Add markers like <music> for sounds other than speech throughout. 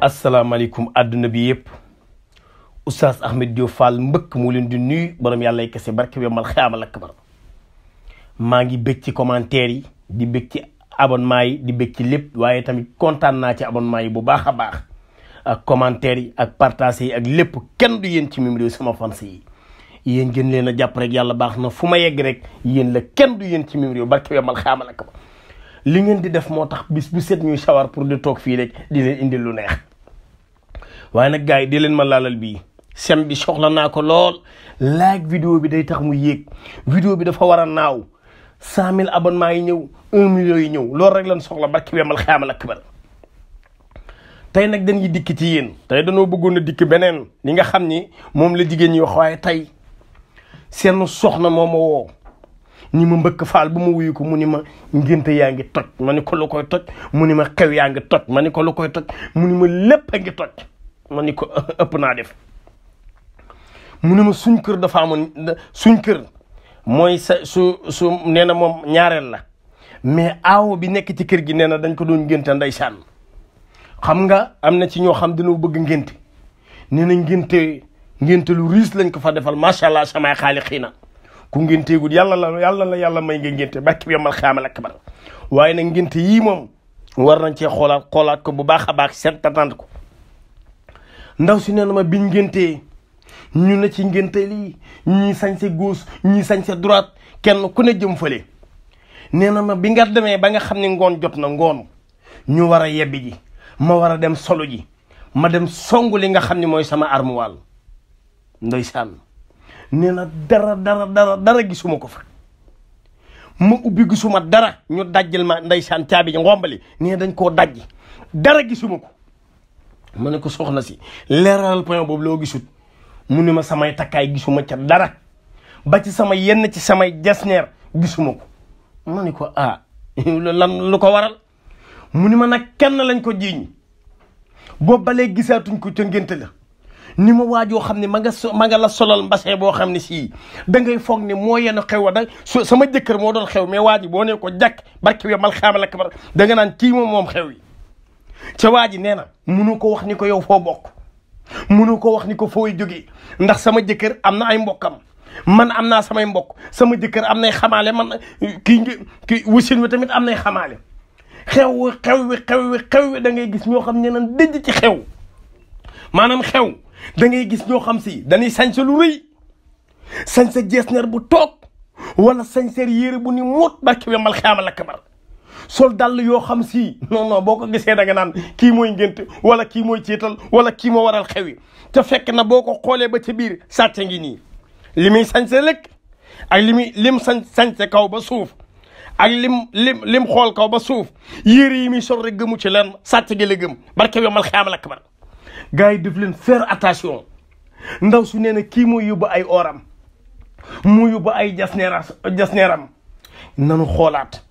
asalaamaaleykum àdduna bi yëpp oustaz Ahmed Diop Fall mbëkk mu leen di nuyu borom yàlla ay kese barke bi mal xaamal ak bar maa ngi bëgg ci commentaire yi di bëgg ci yi di bëgg lépp waaye tamit kontaan naa ci abonnement yi bu baax a baax ak commentaire yi ak partage yi ak lépp kenn du yéen ci mim sama fans yi yéen gën leen a jàpp rek yàlla baax na fu ma yegg rek yéen la kenn du yéen ci mim réew barke bi mal xaamal ak bar li ngeen di def moo tax bis bu set ñuy sawar pour de toog fii rek di leen lu neex waaye nag gars yi di leen ma laalal bii sem bi soxla naa ko lool like vidéo bi day tax mu yéeg vidéo bi dafa war a naaw cent mille abonnements yi ñëw un million yi ñëw loolu rek lan soxla barki wemal xaamal ak kibar tey nag dañuy dikk ci yéen tey dañoo bëggoon a dikk beneen li nga xam ni moom la jigéen ñi wax waaye tey seen soxna moo ma woo ñi ma mbëkk faal bu ma wuyu ko mu ni ma ngénte yaa ngi toj ma ni ko lu koy toj mu ni ma xew yaa ngi ma ni ko lu koy toj mu ni ma lépp a ngi toj man ni ko <laughs> ëpp naa def mu ne ma suñ kër dafa amoon suñ kër mooy sa su su nee na moom ñaareel la mais aawo bi nekk ci kër gi nee na dañ ko doon ngénte ndeysaan xam nga am na ci ñoo xam dina bëgg ngénte nee na ngénte ngénte lu riis lañ ko fa defal macha allah samay xaali xii na ku ngénteegul yàlla la yàlla la yàlla may nga ngénte barki bi yamal xaamal akbar waaye nag ngénte yii moom war nañ cee xoolaat xoolaat ko bu baax a baax seet tatante ko ndaw si nee na ma biñ ngéntee ñu ne ci ngénte lii ñii sañse gauche ñii sañse droite kenn ku ne jëm fële nee na ma bi nga demee ba nga xam ne ngoon jot na ngoon ñu war a yebbi ji ma war a dem solo ji ma dem songu li nga xam ni mooy sama armuwaal ndeysaan nee na dara dara dara dara gisuma ko fa mu ubbi gisuma dara ñu dajjal ma ndeysaan caabi ji ngombali nee dañ koo dajji dara gisuma ko ma ne ko soxna si leeral point boobu loo gisut mu ne ma samay takkaay gisuma ca dara ba ci sama yenn ci samay jasneer gisuma ko ma ni ko ah <laughs> lan lu ko waral mu ni ma nag kenn lañ ko jiiñ boobu ba léegi gisaatuñ ko ca ngénte la ni ma waajoo xam ne ma nga ma nga la solal mbase boo xam ne sii da ngay foog ni moo yenn xew a da sama jëkkër moo doon xew mais waa ji boo ne ko jàkk barke wi mal xaamal ak bar da nga naan kii moom moom xew yi ca waa ji nee na munu ko wax ni ko yow foo bokk munu ko wax ni ko fooy jógee ndax sama jëkkër am na ay mbokk mbokkam man am naa samay mbokk sama jëkkër am nay xamaale man kii kii wusin wi tamit am nay xamaale xew wi xew wi xew wi xew wi da ngay gis ñoo xam ne nan dëj ci xew maanaam xew da gis ñoo xam si dañuy sañ sa lu rëy sañ sa jeesneer bu toog walla sañ sa yére bu ni muut barke bi mal xaamal ak kabar sol dàll yoo xam si non non boo ko gisee da naan kii mooy ngént wala kii mooy ciital wala kii moo waral xewi te fekk na boo ko xoolee ba ca biir sàcc ngi nii li muy sañse lekk ak li muy lim sañ sañse kaw ba suuf ak lim lim lim xool kaw ba suuf yére yi muy sol rek gëmu ci lenn sàcc gi la gëm barke yomal xaamal ak bar gars yi def leen faire attention ndaw su nee na kii mooy yóbbu ay oram mu ba ay jasneeram jasneeram nanu xoolaat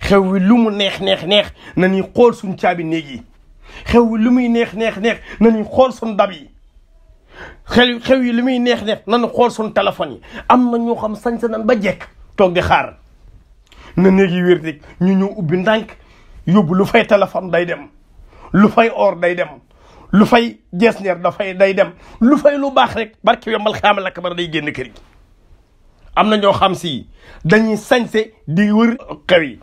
xew wi lu mu neex neex neex na ñuy xool suñ caabi néeg yi xew wi lu muy neex neex neex na xool suñ dab yi xew xew yi lu muy neex neex nañu xool suñ téléphone yi am na ñoo xam sañ sa nan ba jekk toog di xaar na néeg yi wér rek ñu ñëw ubbi ndànk yóbbu lu fay téléphone day dem lu fay or day dem lu fay jesneer dafay day dem lu fay lu baax rek barke yombal xaama lakk bara day génn kër gi am na ñoo xam si dañuy sañse di wër xew yi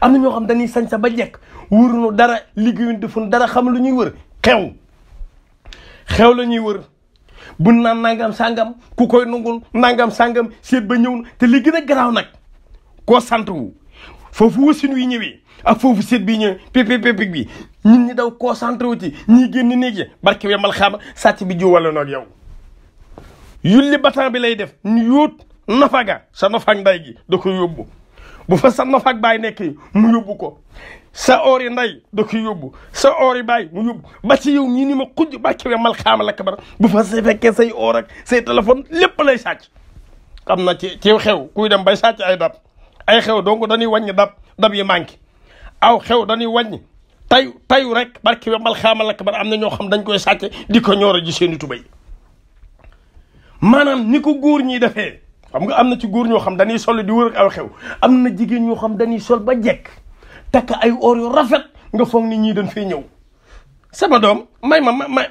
am na ñoo xam dañuy sañ sa ba jekk wóoruñu dara liggéeyuñ defuñu dara xam lu ñuy wër xew xew la ñuy wër buñ naan nangam sangam ku koy nungul nangam sangam seet ba ñëw te li gën a garaaw nag koo sant foofu wasin wi ñëwee ak foofu seet bi ñëwee pépé pépé bi ñun ñi daw concentré wu ci ñii génn néeg yi barke wemal xaama sàcc bi jiwale noog yow yulli batan bi lay def ñu yóot nafaga sa nafag nday gi da ko yóbbu bu fa sama faak baay nekk mu yóbbu ko sa oor yi nday da koy yóbbu sa oor yi baay mu yóbbu ba ci yow ñii ni ma xujj ba kewe mal xaama la kabar bu fa sa fekkee say oor ak say téléphone lépp lay sàcc xam na ci ci xew kuy dem bay sàcc ay dab ay xew donc dañuy wàññi dab dab yi manqué aw xew dañuy wàññi tayu tayu rek barke bi mal xaamal ak am na ñoo xam dañ koy sàcce di ko ñooro ji tu bay maanaam ni ko góor ñi defee xam nga am na ci góor ñoo xam dañuy sol di wër aw xew am na jigéen ñoo xam dañuy sol ba jekk takk ay or yu rafet nga foog ni ñii dañ fay ñëw sama doom may ma ma may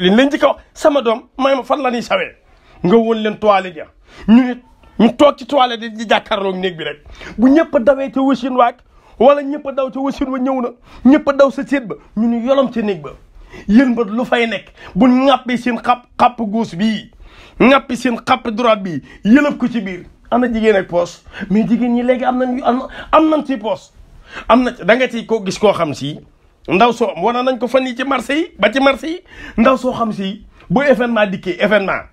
liñ leen ci sama doom may ma fan la ñuy sawee nga woon leen toilette ja ñu nit ñu toog ci toilette di jàkkaarloog néeg bi rek bu ñëpp dawee ca wasin waak wala ñëpp a daw ca wasin wa ñëw na ñëpp daw sa seet ba ñu ni yolom ca néeg ba yéen ba lu fay nekk bu ñàppee seen xap xapp góos bii ñàppi seen xàpp droite bi yëlëb ko ci biir am na jigéen ak poos mais jigéen ñi léegi am nañ am nañ ci poos am na da nga ci ko gis koo xam si ndaw soo wana nañ ko fan ni ci marché yi ba ci marché ndaw soo xam si bu événement dikkee événement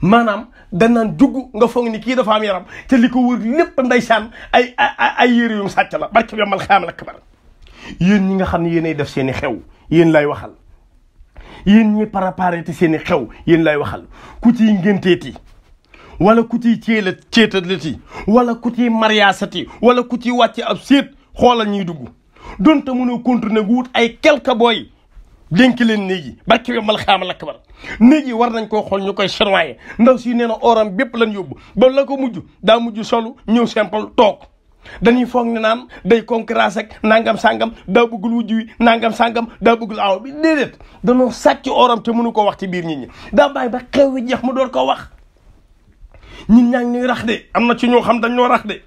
maanaam danaan jugg nga foog ni kii dafa am yaram te li ko wër lépp nday saan ay yére yum sàcc la barke bi amal xaam lakk bar yéen ñi nga xam ne yéenay def seeni xew yéen lay waxal yéen ñi préparé te seen xew yéen lay waxal ku ciy ngénteeti wala ku ciy ceela ceetalati wala ku ciy mariaasati wala ku ciy wàcc ab séet xoolal ñuy dugg donte mënoo continuer gu wut ay quelque booy dénk leen néeg yi barke bi mal xaama lakk bar néeg yi war nañ ko xool ñu koy chanoyé ndaw si nee na oram bépp lan yóbbu ba la ko mujj daa mujj solu ñëw simple toog dañuy foog ne naan day concurrence nangam sangam daa bëggul wujj nangam sangam daa bëggul aaw bi déedéet danoo sàcc oram te mënu ko wax ci biir nit ñi daa baay ba xew wi jeex mu door ko wax ñun ñaa ngi ñuy rax de am na ci ñoo xam dañ ñoo rax de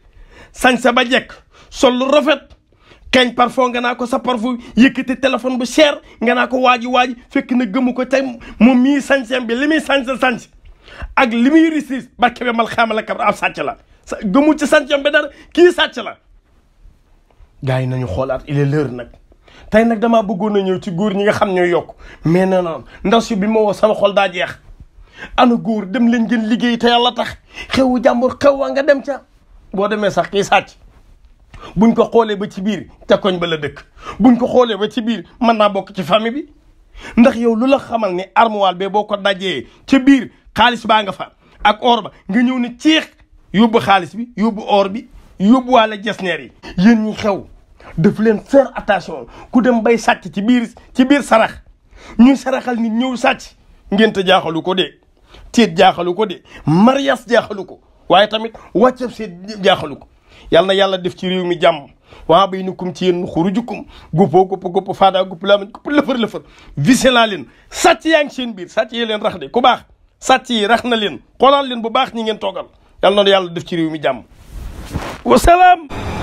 sañ ba jekk sol lu rafet par parfum nga naa ko sa parfum yëkkati téléphone bu cher nga naa ko waaji waaji fekk na gëmu ko tey moom mii sañseem bi li muy sañse sañse ak li muy ba barke bi mal xaamal ak ab sàcc la sa gëmul ci sàccam bi dara kii sàcc la gars yi nañu xoolaat il est nag tey nag dama bëggoon a ñëw ci góor ñi nga xam ñooy yokk mais nee naa ndaw si bi ma woo sama xol daa jeex ana góor dem leen ngeen liggéey te yàlla tax xewu jàmbur xew wa nga dem ca boo demee sax kii sàcc buñ ko xoolee ba ci biir te koñ ba la dëkk buñ ko xoolee ba ci biir mën naa bokk ci famille bi ndax yow lu la xamal ni armoire bee boo ko dajee ci biir xaalis baa nga fa ak or ba nga ñëw ne ceex yóbbu xaalis bi yóbbu or bi yóbbu wàlla jesneer yi yéen ñi xew daf leen faire attention ku dem bay sàcc ci biir ci biir sarax ñuy saraxal nit ñëw sàcc te jaaxalu ko de teet jaaxalu ko de marias jaaxalu ko waaye tamit wàccab seet jaaxalu ko yàlla na yàlla def ci réew mi jàmm waa bay nukum ci yéen xuru jukkum guppoo gupp gupp faadaa gupp laa gupp lëfër lëfër vise naa leen sàcc yaa ngi seen biir sàcc yee leen rax de ku baax sàcc yi rax na leen xoolaal leen bu baax ñi ngeen toogal yàlla na yàlla def ci réew mi jàmm wasalaam